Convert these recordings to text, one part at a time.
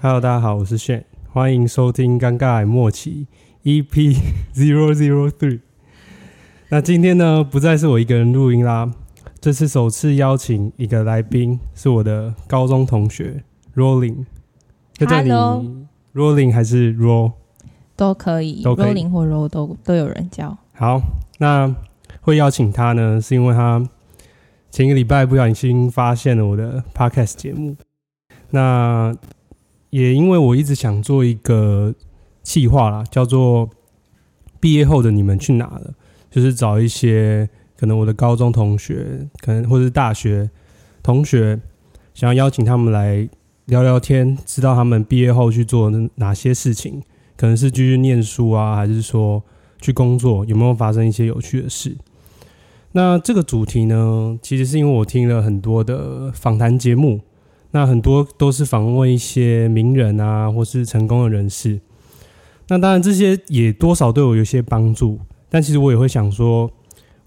Hello，大家好，我是炫，歡迎收聽《尷尬默契》EP 0 0 3。那今天呢，不再是我一個人錄音啦。這次首次邀請一個來賓，是我的高中同學 Rolling。Hello，Rolling 還是 Roll 都可以，都可以，Rolling 或 Roll 都都有人叫。好，那會邀請他呢，是因為他前一個禮拜不小心發現了我的 Podcast 節目。那也因為我一直想做一個企劃啦，叫做畢業後的你們去哪了，就是找一些。可能我的高中同學，可能或是大學同學，想要邀請他們來聊聊天，知道他們畢業後去做哪些事情，可能是繼續念書啊，還是說去工作，有沒有發生一些有趣的事？那這個主題呢，其實是因為我聽了很多的訪談節目，那很多都是訪問一些名人啊，或是成功的人士。那當然這些也多少對我有些幫助，但其實我也會想說。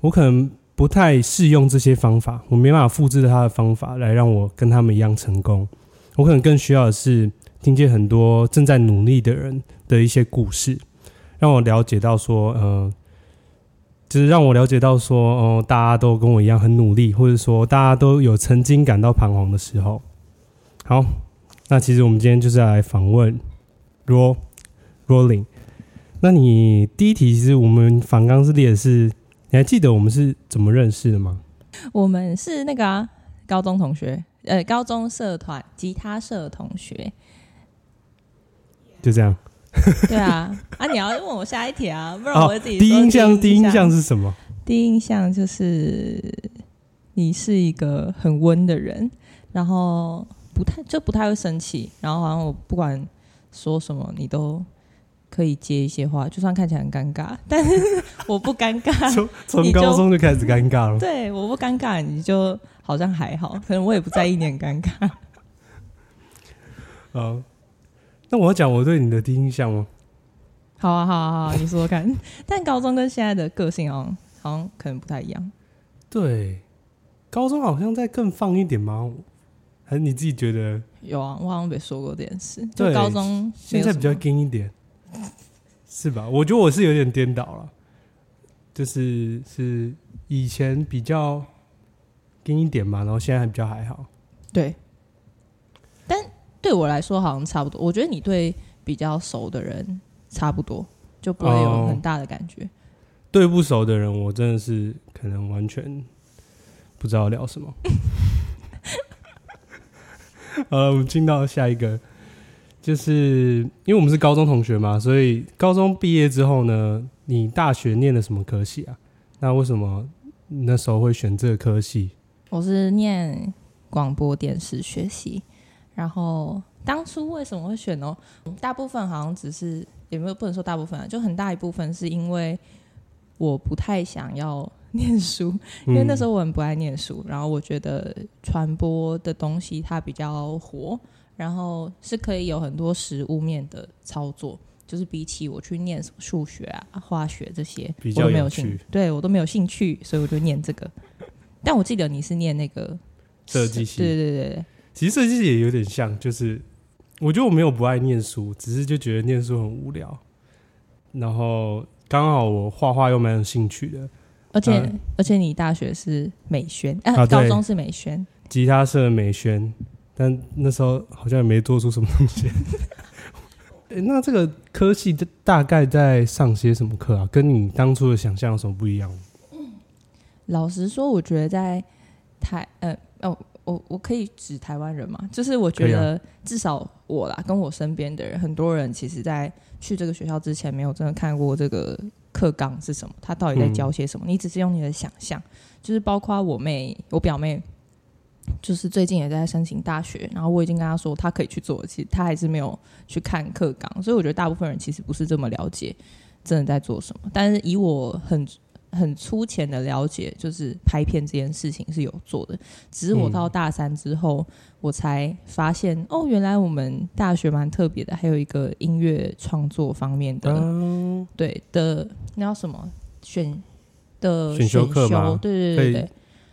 我可能不太適用這些方法，我沒辦法複製他的方法來讓我跟他們一樣成功。我可能更需要的是聽見很多正在努力的人的一些故事，讓我了解到說，嗯、呃，就是讓我了解到說，嗯、哦、大家都跟我一樣很努力，或者說大家都有曾經感到彷徨的時候。好，那其實我們今天就是來訪問 Ro、Rolling。那你第一題其實我們反剛是列的是。你還記得我們是怎麼認識的嗎？我們是那個、啊、高中同學，呃，高中社團吉他社同學，yeah. 就這樣。 對啊，啊，你要問我下一題啊，不然、哦、我會自己說、哦。第一印象，第一印象是什麼？第一印象就是你是一個很溫的人，然後不太就不太會生氣，然後好像我不管說什麼，你都。可以接一些話，就算看起來很尷尬，但是我不尷尬。從 從高中就開始尷尬了。對，我不尷尬，你就好像還好，可能我也不在意你點很尷尬。 好，那我要講我對你的第一印象嗎？好啊，好啊，好，你說說看。 但高中跟現在的個性好像好像可能不太一樣。對，高中好像在更放一點嗎？還是你自己覺得？有啊，我好像沒說過這件事。就對，高中現在比較緊一點。是吧？我覺得我是有點顛倒了，就是是以前比較近一點嘛，然後現在還比較還好。對，但對我來說好像差不多。我覺得你對比較熟的人差不多就不會有很大的感覺。哦，對不熟的人，我真的是可能完全不知道聊什麼。 好了，我們進到下一個。就是因為我們是高中同學嘛，所以高中畢業之後呢，你大學念了什麼科系啊？那為什麼那時候會選這個科系？我是念廣播電視學系，然後當初為什麼會選哦？大部分好像只是也沒有，不能說大部分啊，就很大一部分是因為我不太想要念書，因為那時候我很不愛念書，然後我覺得傳播的東西它比較火。然後是可以有很多實物面的操作，就是比起我去念什麼數學啊、化學這些，比較沒有興趣。我沒有興對我都沒有興趣，所以我就念這個。但我記得你是念那個設計系，對,對對對。其實設計系也有點像，就是我覺得我沒有不愛念書，只是就覺得念書很無聊。然後剛好我畫畫又蠻有興趣的，而且、啊、而且你大學是美宣，啊，高中是美宣、啊，吉他社美宣。但那時候好像也沒做出什麼東西、 欸。那這個科系大概在上些什麼課啊？跟你當初的想象有什麼不一樣？老實說，我覺得在台呃哦、呃、我我可以指台灣人嘛，就是我覺得至少我啦，跟我身邊的人，很多人其實在去這個學校之前，沒有真的看過這個課綱是什麼，他到底在教些什麼。嗯、你只是用你的想象，就是包括我妹，我表妹。就是最近也在申請大學，然後我已經跟他說他可以去做，其實他還是沒有去看課綱，所以我覺得大部分人其實不是這麼了解真的在做什麼。但是以我很很粗淺的了解，就是拍片這件事情是有做的，只是我到大三之後，嗯、我才發現哦，原來我們大學蠻特別的，還有一個音樂創作方面的，嗯、對的，那叫什麼選的選修課嗎？對對對對。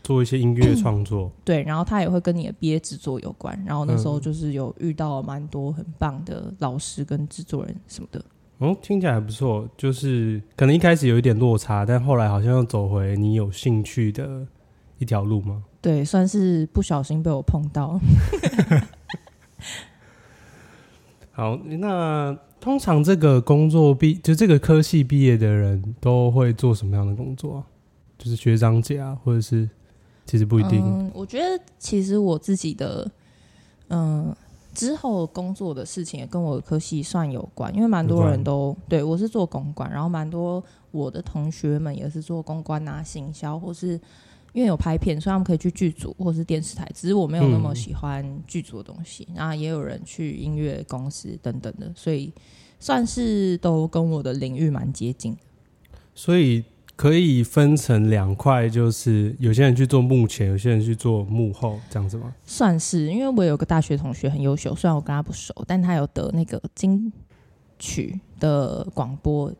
做一些音樂創作 ，對，然後他也會跟你的畢業制作有關。然後那時候就是有遇到蠻多很棒的老師跟制作人什麼的。哦、嗯，聽起來不錯。就是可能一開始有一點落差，但後來好像又走回你有興趣的一條路嗎？對，算是不小心被我碰到。 好，那通常這個工作畢就這個科系畢業的人都會做什麼樣的工作啊？就是學長姐啊，或者是。其實不一定、嗯。我覺得其實我自己的，嗯，之後工作的事情也跟我的科系算有關，因為蠻多人都對我是做公關，然後蠻多我的同學們也是做公關啊、行銷，或是因為有拍片，所以他們可以去劇組或是電視台。只是我沒有那麼喜歡劇組的東西，嗯、然後也有人去音樂公司等等的，所以算是都跟我的領域蠻接近。所以。可以分成兩塊，就是有些人去做幕前，有些人去做幕後，這樣子嗎？算是，因為我有個大學同學很優秀，雖然我跟他不熟，但他有得那個金曲的廣播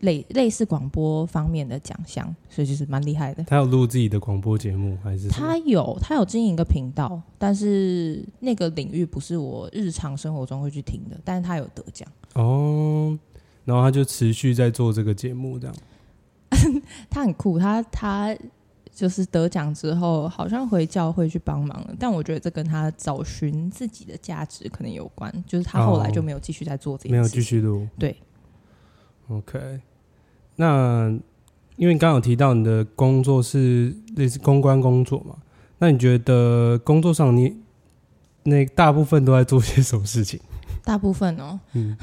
類類似廣播方面的獎項，所以就是蠻厲害的。他有錄自己的廣播節目，還是他有他有經營一個頻道，但是那個領域不是我日常生活中會去聽的，但是他有得獎哦。然後他就持續在做這個節目，這樣。 他很酷，他他就是得獎之後，好像回教會去幫忙了。但我覺得這跟他找尋自己的價值可能有關，就是他後來就沒有繼續在做這些，哦。沒有繼續錄，對。OK，那因為你剛剛有提到你的工作是類似公關工作嘛，那你覺得工作上你，那大部分都在做些什麼事情？大部分哦，嗯，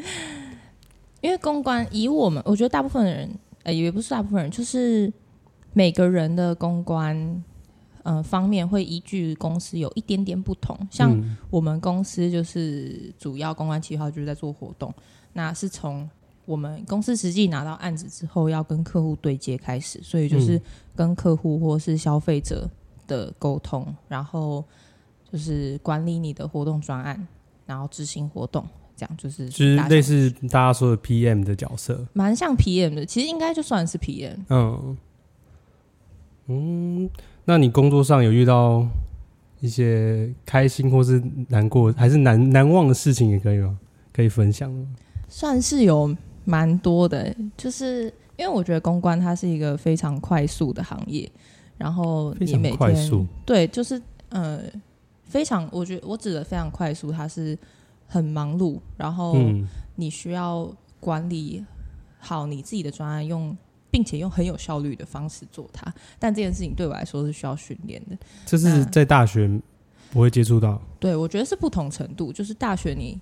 因為公關以我們，我覺得大部分的人。呃，也不是大部分人，就是每個人的公關，呃方面會依據公司有一點點不同。像我們公司就是主要公關企劃就是在做活動，那是從我們公司實際拿到案子之後，要跟客戶對接開始，所以就是跟客戶或是消費者的溝通，然後就是管理你的活動專案，然後執行活動。這樣就是就是類似大家說的 PM 的角色，蠻像 PM 的，其實應該就算是 PM。嗯嗯，那你工作上有遇到一些開心或是難過，還是難難忘的事情也可以嗎？可以分享嗎？算是有蠻多的、欸，就是因為我覺得公關它是一個非常快速的行業，然後你也每天快速對，就是呃，非常，我覺得我指的非常快速，它是。很忙碌，然後你需要管理好你自己的專案用，用並且用很有效率的方式做它。但這件事情對我來說是需要訓練的，這是在大學不會接觸到。對，我覺得是不同程度。就是大學你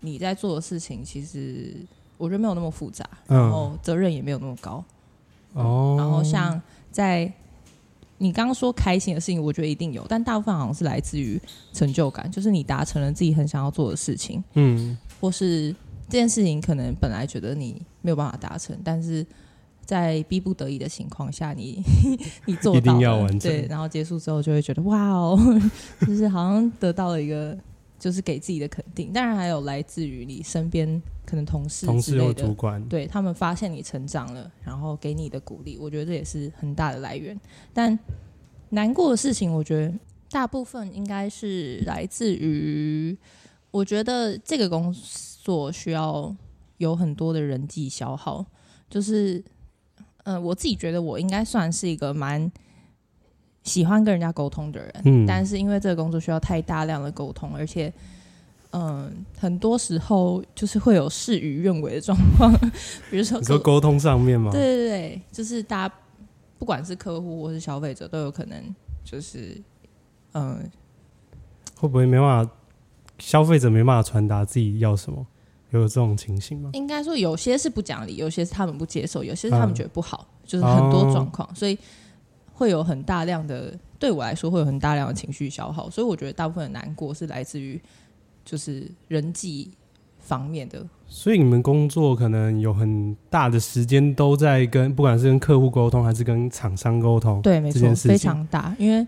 你在做的事情，其實我覺得沒有那麼複雜，然後責任也沒有那麼高。哦、嗯嗯，然後像在。你剛剛說開心的事情，我覺得一定有，但大部分好像是來自於成就感，就是你達成了自己很想要做的事情，嗯，或是這件事情可能本來覺得你沒有辦法達成，但是在逼不得已的情況下你，你 你做到了一，對，然後結束之後就會覺得哇哦，就是好像得到了一個。就是給自己的肯定，當然還有來自於你身邊可能同事之類的、同事或主管，對他們發現你成長了，然後給你的鼓勵，我覺得這也是很大的來源。但難過的事情，我覺得大部分應該是來自於，我覺得這個工作需要有很多的人際消耗，就是，嗯、呃，我自己覺得我應該算是一個蠻。喜歡跟人家溝通的人，嗯，但是因為這個工作需要太大量的溝通，而且，嗯、呃，很多時候就是會有事與願違的狀況。比如說，說，你說溝通上面嗎？對對對，就是大家不管是客戶或是消費者，都有可能就是嗯、呃，會不會沒辦法？消費者沒辦法傳達自己要什麼？有，有這種情形嗎？應該說有些是不講理，有些是他們不接受，有些是他們覺得不好，啊、就是很多狀況，所以。會有很大量的，對我來說會有很大量的情緒消耗，所以我覺得大部分的難過是來自於就是人際方面的。所以你們工作可能有很大的時間都在跟，不管是跟客戶溝通還是跟廠商溝通，對，沒錯，非常大。因為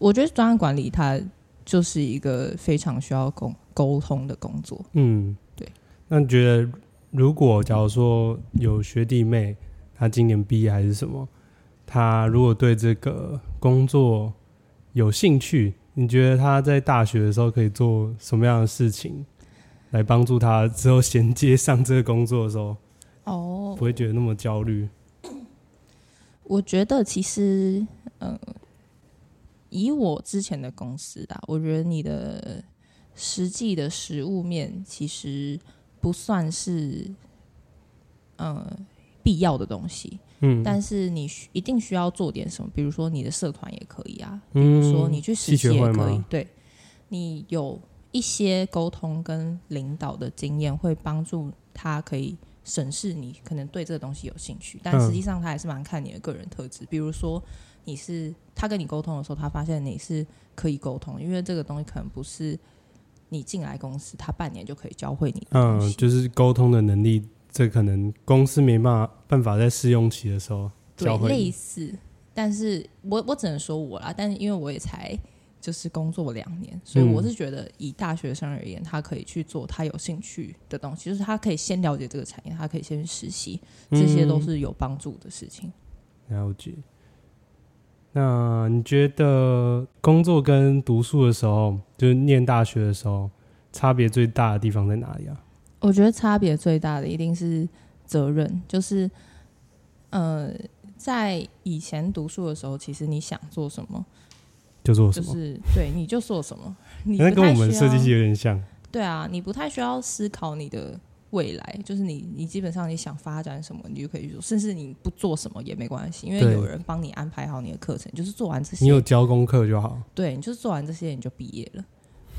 我覺得專案管理它就是一個非常需要溝溝通的工作。嗯，對。那你覺得，如果假如說有學弟妹，他今年畢業還是什麼？他如果對這個工作有興趣，你覺得他在大學的時候可以做什麼樣的事情，來幫助他之後銜接上這個工作的時候，哦、oh.，不會覺得那麼焦慮？我覺得其實，嗯，以我之前的公司啊，我覺得你的實際的實務面其實不算是，嗯，必要的東西。嗯，但是你需一定需要做點什麼，比如說你的社團也可以啊，嗯，比如說你去實習也可以。對，你有一些溝通跟領導的經驗，會幫助他可以審視你可能對這個東西有興趣。但實際上，他還是蠻看你的個人特質，嗯。比如說，你是他跟你溝通的時候，他發現你是可以溝通，因為這個東西可能不是你進來公司，他半年就可以教會你的。嗯，就是溝通的能力。這可能公司沒辦法辦法在試用期的時候教會你。對，類似，但是我我只能說我啦，但是因為我也才就是工作兩年，所以我是覺得以大學生而言，他可以去做他有興趣的東西，就是他可以先了解這個產業，他可以先實習，這些都是有幫助的事情。嗯，了解。那你覺得工作跟讀書的時候，就是念大學的時候，差別最大的地方在哪裡啊？我覺得差別最大的一定是責任，就是，呃，在以前讀書的時候，其實你想做什麼，就做什麼，就是對，你就做什麼。 你那跟我們設計系有點像。對啊，你不太需要思考你的未來，就是你，你基本上你想發展什麼，你就可以去做，甚至你不做什麼也沒關係，因為有人幫你安排好你的課程，就是做完這些，你有交功課就好。對，你就是做完這些你就畢業了，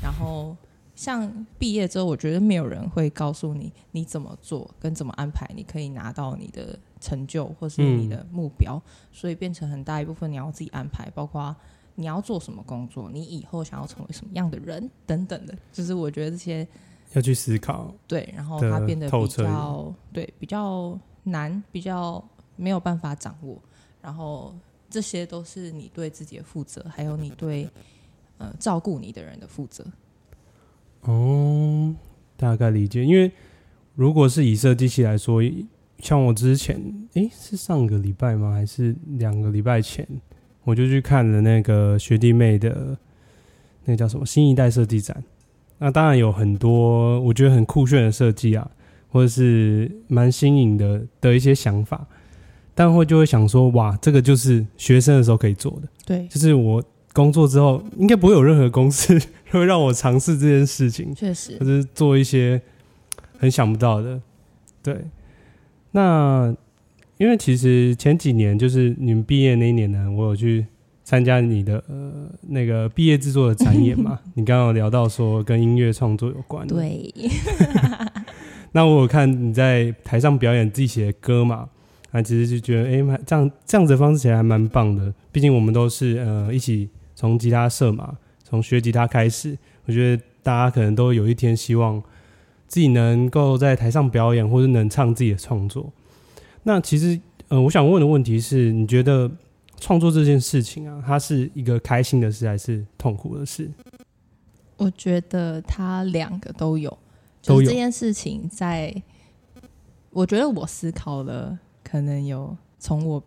然後。 像畢業之後，我覺得沒有人會告訴你你怎麼做，跟怎麼安排，你可以拿到你的成就或是你的目標，嗯，所以變成很大一部分你要自己安排，包括你要做什麼工作，你以後想要成為什麼樣的人等等的，就是我覺得這些要去思考。對，然後它變得比較對比較難，比較沒有辦法掌握。然後這些都是你對自己的負責，還有你對呃照顧你的人的負責。哦，大概理解。因為如果是以設計系來說，像我之前，誒、欸，是上個禮拜嗎？還是兩個禮拜前，我就去看了那個學弟妹的，那個叫什麼，新一代設計展。那當然有很多我覺得很酷炫的設計啊，或者是蠻新穎的的一些想法。但會就會想說，哇，這個就是學生的時候可以做的。對，就是我。工作之後應該不會有任何公司會讓我嘗試這件事情，確實，或是做一些很想不到的。對，那因為其實前幾年就是你們畢業那一年呢，我有去參加你的、呃、那個畢業制作的展演嘛。 你剛剛有聊到說跟音樂創作有關，對。 那我有看你在台上表演自己寫的歌嘛，啊，其實就覺得哎、欸，這樣這樣子的方式其實還蠻棒的。畢竟我們都是呃一起。從吉他社嘛，從學吉他開始，我覺得大家可能都有一天希望自己能夠在台上表演，或是能唱自己的創作。那其實，呃，我想問的問題是你覺得創作這件事情啊，它是一個開心的事還是痛苦的事？我覺得它兩個都有。就是這件事情在，我覺得我思考了，可能有從我。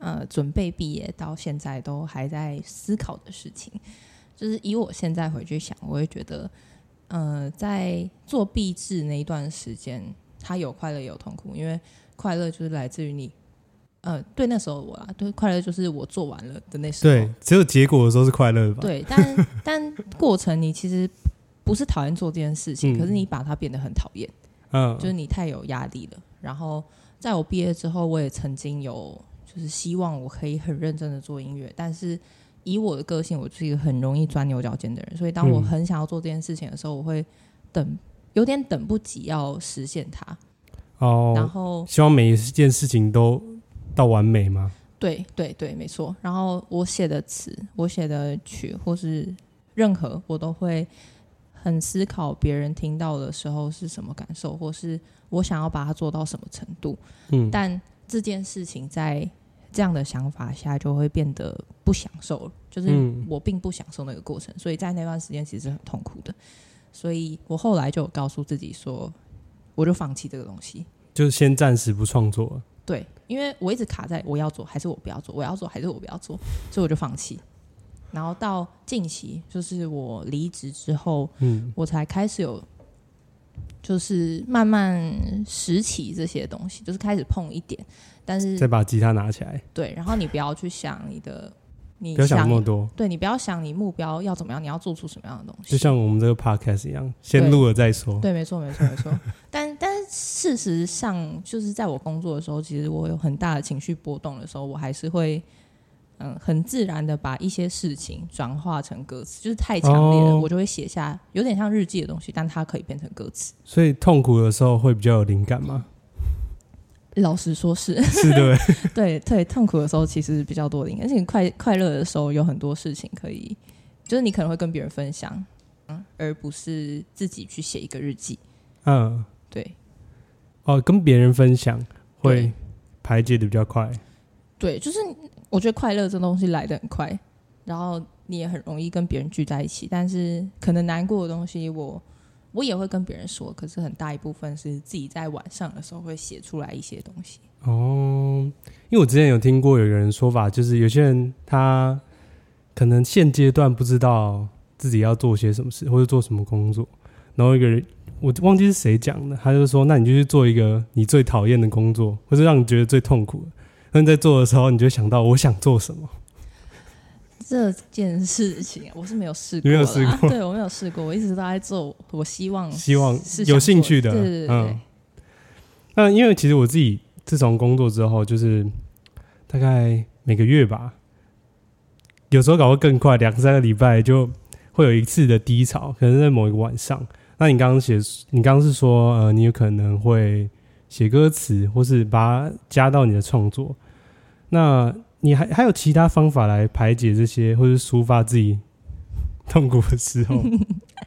呃，準備畢業到現在都還在思考的事情，就是以我現在回去想，我會覺得，呃，在做畢製那一段時間，它有快樂也有痛苦，因為快樂就是來自於你，呃，對那時候我啦，對快樂就是我做完了的那時候，對，只有結果的時候是快樂吧？對，但但過程你其實不是討厭做這件事情，嗯，可是你把它變得很討厭，嗯，就是你太有壓力了。然後在我畢業之後，我也曾經有。就是希望我可以很認真的做音樂，但是以我的個性，我就是一個很容易鑽牛角尖的人，所以當我很想要做這件事情的時候，我會等，有點等不及要實現它。哦，然後希望每一件事情都到完美嗎？對對對，沒錯。然後我寫的詞，我寫的曲，或是任何，我都會很思考別人聽到的時候是什麼感受，或是我想要把它做到什麼程度。嗯，但這件事情在。這樣的想法下就會變得不享受了，就是我並不享受那個過程，所以在那段時間其實是很痛苦的。所以我後來就告訴自己說，我就放棄這個東西，就是先暫時不創作。對，因為我一直卡在我要做還是我不要做，我要做還是我不要做，所以我就放棄。然後到近期，就是我離職之後，我才開始有。就是慢慢拾起這些東西，就是開始碰一點，但是再把吉他拿起來。對，然後你不要去想你的， 你不要想那麼多。對，你不要想你目標要怎麼樣，你要做出什麼樣的東西。就像我們這個 podcast 一樣，先錄了再說。對，沒錯，沒錯，沒錯。沒 但但是事實上，就是在我工作的時候，其實我有很大的情緒波動的時候，我還是會。嗯，很自然的把一些事情轉化成歌詞，就是太強烈了，哦，我就會寫下有點像日記的東西，但它可以變成歌詞。所以痛苦的時候會比較有靈感嗎？嗯，老實說是，是是的 對，對對對，痛苦的時候其實比較多靈感，而且快快樂的時候有很多事情可以，就是你可能會跟別人分享，嗯，而不是自己去寫一個日記。嗯，對。哦，跟別人分享會排解的比較快。對，對就是。我覺得快樂這東西來得很快，然後你也很容易跟別人聚在一起。但是可能難過的東西我，我我也會跟別人說，可是很大一部分是自己在晚上的時候會寫出來一些東西。哦，因為我之前有聽過有一個人說法，就是有些人他可能現階段不知道自己要做些什麼事或者做什麼工作。然後一個人，我忘記是誰講的，他就說，那你就去做一個你最討厭的工作，或者讓你覺得最痛苦的。那你在做的時候，你就想到我想做什麼？這件事情我是沒有試過，啊、沒有試過、啊，對我沒有試過，我一直都在做。我希望是，希望是有興趣的，對對對對嗯。那因為其實我自己自從工作之後，就是大概每個月吧，有時候搞得更快，兩三個禮拜就會有一次的低潮，可能是在某一個晚上。那你剛剛寫，你剛剛是說，呃，你有可能會寫歌詞，或是把它加到你的創作。那你還還有其他方法來排解這些，或者是抒發自己痛苦的時候？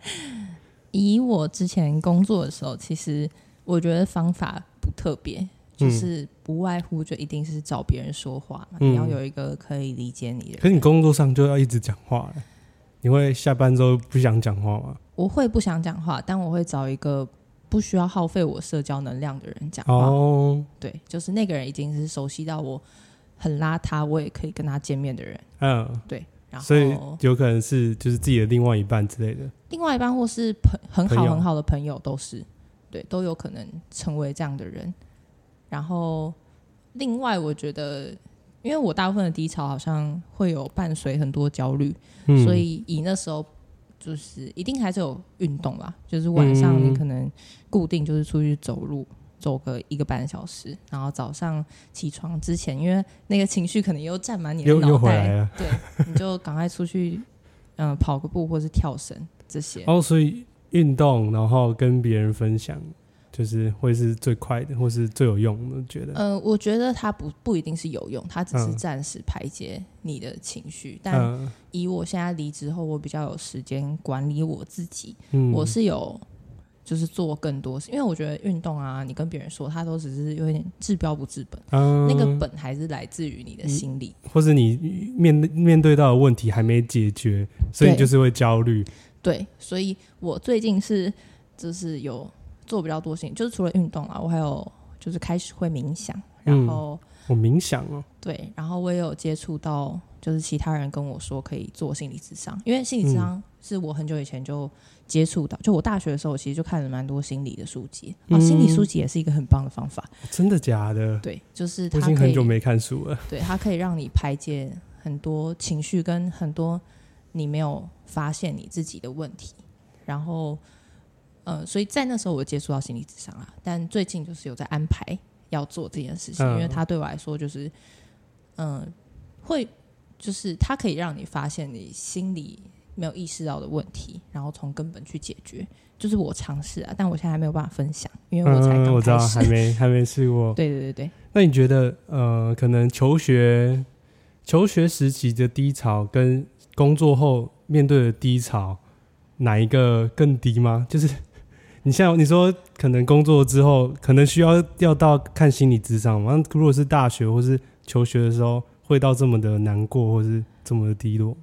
以我之前工作的時候，其實我覺得方法不特別，嗯，就是不外乎就一定是找別人說話嘛，嗯，你要有一個可以理解你的。可是你工作上就要一直講話欸，你會下班之後不想講話嗎？我會不想講話，但我會找一個不需要耗費我社交能量的人講話。哦，對，就是那個人已經是熟悉到我。很邋遢，我也可以跟他見面的人。嗯、uh,，對，所以有可能是就是自己的另外一半之類的，另外一半或是朋很好很好的朋友都是，對，都有可能成為這樣的人。然後另外，我覺得因為我大部分的低潮好像會有伴隨很多焦慮，嗯、所以以那時候就是一定還是有運動吧，就是晚上你可能固定就是出去走路。嗯嗯走個一個半小時，然後早上起床之前，因為那個情緒可能又占滿你的腦袋，又又回來了，對， 你就趕快出去，嗯、呃，跑個步或是跳繩這些。哦，所以運動，然後跟別人分享，就是會是最快的，或是最有用的，覺得？嗯、呃、我覺得它不不一定是有用，它只是暫時排解你的情緒，嗯。但以我現在離職後，我比較有時間管理我自己，嗯、我是有。就是做更多事，因為我覺得運動啊，你跟別人說，他都只是有點治標不治本，嗯、那個本還是來自於你的心理，或是你面對面對到的問題還沒解決，所以你就是會焦慮。對，所以我最近是就是有做比較多事情，就是除了運動啊，我還有就是開始會冥想，然後、嗯、我冥想哦，對，然後我也有接觸到，就是其他人跟我說可以做心理諮商，因為心理諮商是我很久以前就。接觸到，就我大學的時候，我其實就看了蠻多心理的書籍，啊、嗯哦，心理書籍也是一個很棒的方法。真的假的？對，就是他很久沒看書了。對，他可以讓你排解很多情緒，跟很多你沒有發現你自己的問題。然後，呃，所以在那時候我接觸到心理諮商啊，但最近就是有在安排要做這件事情，嗯、因為他對我來說就是，嗯、呃，會就是他可以讓你發現你心理。沒有意識到的問題，然後從根本去解決，就是我嘗試啊，但我現在還沒有辦法分享，因為我才剛開始，嗯、我知道還沒還沒試過。 對對對對，那你覺得，呃，可能求學、求學時期的低潮跟工作後面對的低潮，哪一個更低嗎？就是你像你說，可能工作之後可能需要要到看心理諮商嗎？那如果是大學或是求學的時候，會到這麼的難過，或是這麼的低落？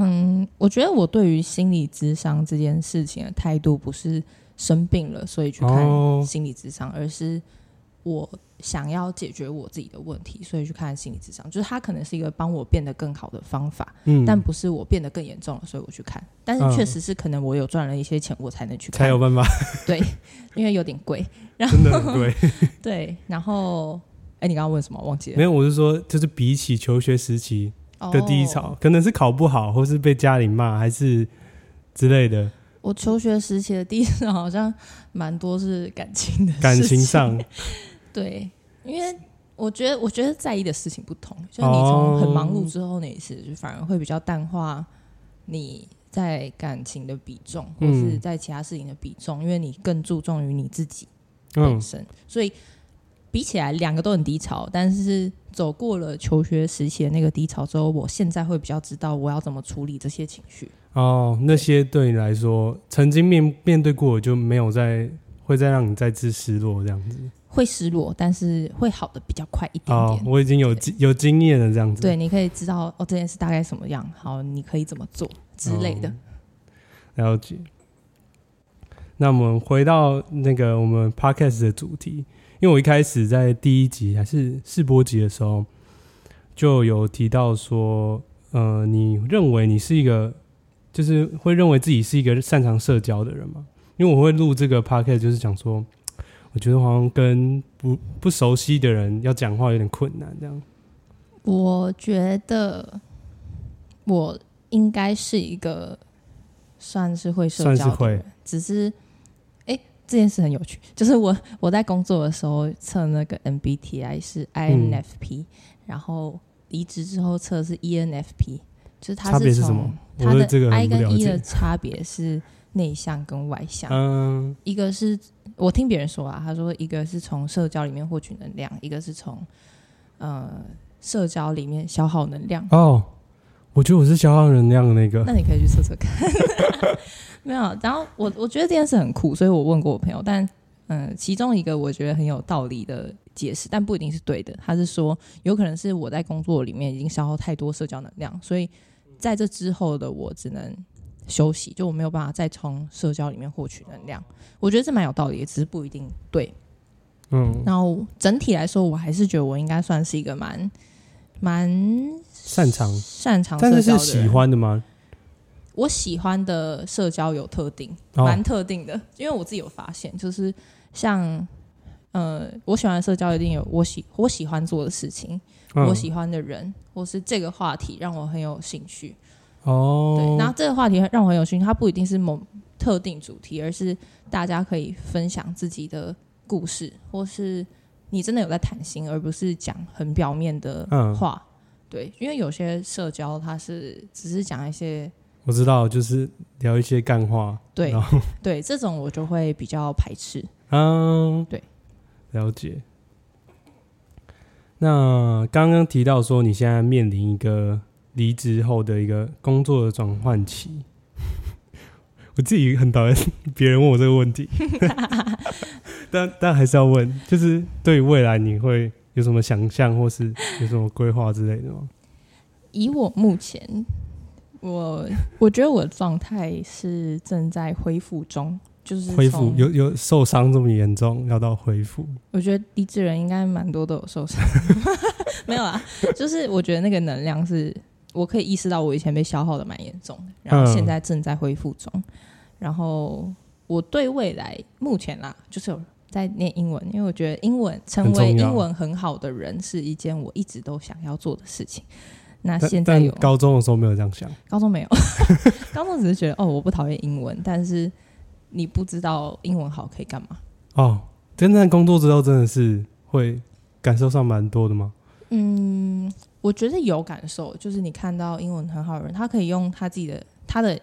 嗯，我覺得我對於心理諮商這件事情的態度，不是生病了所以去看心理諮商，哦，而是我想要解決我自己的問題，所以去看心理諮商。就是它可能是一個幫我變得更好的方法，嗯，但不是我變得更嚴重了，所以我去看。但是確實是可能我有賺了一些錢，我才能去看，才有辦法。對，因為有點貴，真的很貴。 對，然後，哎、欸，你剛剛問什麼？我忘記了。沒有，我是說，就是比起求學時期。的低潮、oh, 可能是考不好，或是被家裡罵，還是之類的。我求學時期的低潮好像蠻多是感情的事情，感情上， 對，因為我覺得我覺得在意的事情不同，就是，你從很忙碌之後那一次，oh, 就反而會比較淡化你在感情的比重，或是在其他事情的比重，嗯，因為你更注重於你自己本身。嗯，所以比起來，兩個都很低潮，但是。走過了求學時期的那個低潮之後，我現在會比較知道我要怎麼處理這些情緒哦。那些對你來說曾經面面對過，我就沒有再會再讓你再次失落這樣子。會失落，但是會好的比較快一點點。哦，我已經有有經驗了，這樣子。對，你可以知道哦，這件事大概什麼樣，好，你可以怎麼做之類的。哦，了解。那我們回到那個我們 podcast 的主題。因為我一開始在第一集還是試播集的時候，就有提到說，呃，你認為你是一個，就是會認為自己是一個擅長社交的人嗎？因為我會錄這個 podcast，就是講說，我覺得好像跟不不熟悉的人要講話有點困難，這樣。我覺得我應該是一個算是會社交的人，算是會，只是。這件事很有趣，就是我我在工作的時候測那個 MBTI 是 INFP，嗯，然後離職之後測的是 ENFP，就是它是從它的 I 跟 E 的差別是內向跟外向，嗯，嗯，一個是我聽別人說啊，他說一個是從社交裡面獲取能量，一個是從呃社交裡面消耗能量哦。我覺得我是消耗能量的那個，那你可以去測測看。 沒有，然後我我覺得這件事很酷，所以我問過我朋友，但嗯，其中一個我覺得很有道理的解釋，但不一定是對的。他是說，有可能是我在工作裡面已經消耗太多社交能量，所以在這之後的我只能休息，就我沒有辦法再從社交裡面獲取能量。我覺得這蠻有道理的，只是不一定對。嗯，然後整體來說，我還是覺得我應該算是一個蠻。蠻擅長，擅長的，但是是喜歡的嗎？我喜歡的社交有特定，蠻、哦、特定的。因為我自己有發現，就是像，呃，我喜歡的社交一定有我喜我喜歡做的事情、嗯，我喜歡的人，或是這個話題讓我很有興趣。哦，對，那然後，這個話題讓我很有興趣，它不一定是某特定主題，而是大家可以分享自己的故事，或是。你真的有在談心，而不是講很表面的話，嗯，對，因為有些社交它是只是講一些，我知道，就是聊一些幹話，對，然後，對，這種我就會比較排斥，嗯，啊，對，了解。那剛剛提到說你現在面臨一個離職後的一個工作的轉換期， 我自己很討厭別人問我這個問題。 但但還是要問，就是對未來你會有什麼想象，或是有什麼規劃之類的嗎？以我目前，我我覺得我的狀態是正在恢復中，就是恢復有有受傷這麼嚴重，要到恢復。我覺得低智人應該蠻多都有受傷， 沒有啊？就是我覺得那個能量是我可以意識到，我以前被消耗得蠻嚴重的，然後現在正在恢復中，嗯。然後我對未來目前啦，就是有。在念英文，因為我覺得英文成為英文，英文很好的人是一件我一直都想要做的事情。那現在有但高中的時候沒有這樣想，高中沒有， 高中只是覺得哦，我不討厭英文，但是你不知道英文好可以幹嘛？哦，真正工作之後真的是會感受上蠻多的嗎？嗯，我覺得有感受，就是你看到英文很好的人，他可以用他自己的他的。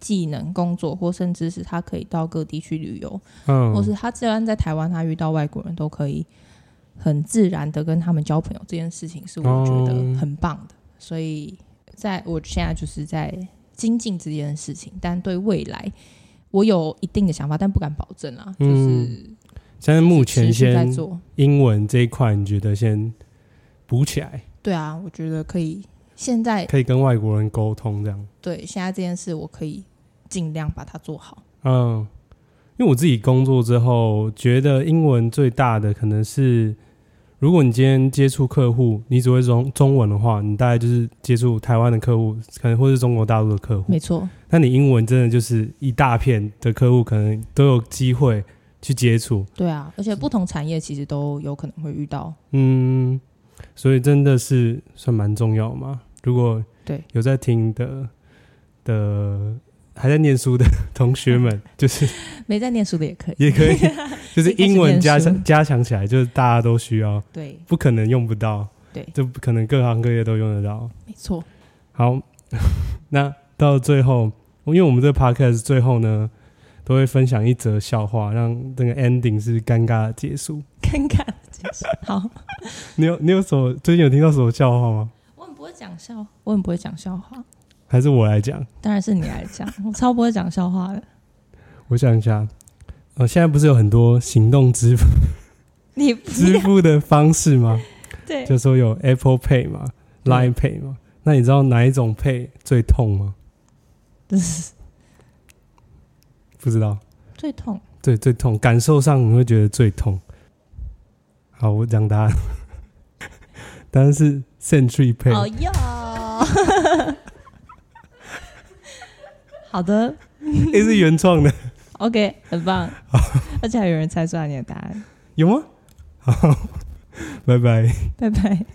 技能工作，或甚至是他可以到各地去旅游，嗯，或是他既然在台灣，他遇到外國人都可以很自然的跟他們交朋友。這件事情是我覺得很棒的，哦、所以在我現在就是在精進這件事情，但對未來我有一定的想法，但不敢保證啊。嗯、就是在現在目前先做英文這一塊，你覺得先補起來？對啊，我覺得可以。現在可以跟外國人溝通，這樣。對，現在這件事我可以。儘量把它做好。嗯，因為我自己工作之後，覺得英文最大的可能是，如果你今天接觸客戶，你只會中中文的話，你大概就是接觸台灣的客戶，可能或是中國大陸的客戶。沒錯。那你英文真的就是一大片的客戶，可能都有機會去接觸。對啊，而且不同產業其實都有可能會遇到。嗯，所以真的是算蠻重要嘛。如果對有在聽的的，還在念書的同學們，嗯、就是沒在念書的也可以，也可以， 就是英文加強 始加強起來，就是大家都需要。對，不可能用不到。對，就不可能各行各業都用得到。沒錯。好，那到最後，因為我們這個 podcast 最後呢，都會分享一則笑話，讓這個 ending 是尷尬的結束。尷尬的結束。好。 你有你有什麼最近有聽到什麼笑話嗎？我很不會講笑，我很不會講笑話。還是我來講，當然是你來講。我超不會講笑話的。 我想一下，呃，現在不是有很多行動支付，你支付的方式嗎？ 對，就說有 Apple Pay 嘛、Line Pay 嘛。那你知道哪一種 Pay 最痛嗎？真 是不知道。最痛。對，最痛，感受上你會覺得最痛。好，我講答案。當 然是 Century Pay。喲、oh,。 好的，你、欸、是原創的。 OK，很棒。好。而且還有人猜出來你的答案，有嗎？好，拜 拜，拜拜。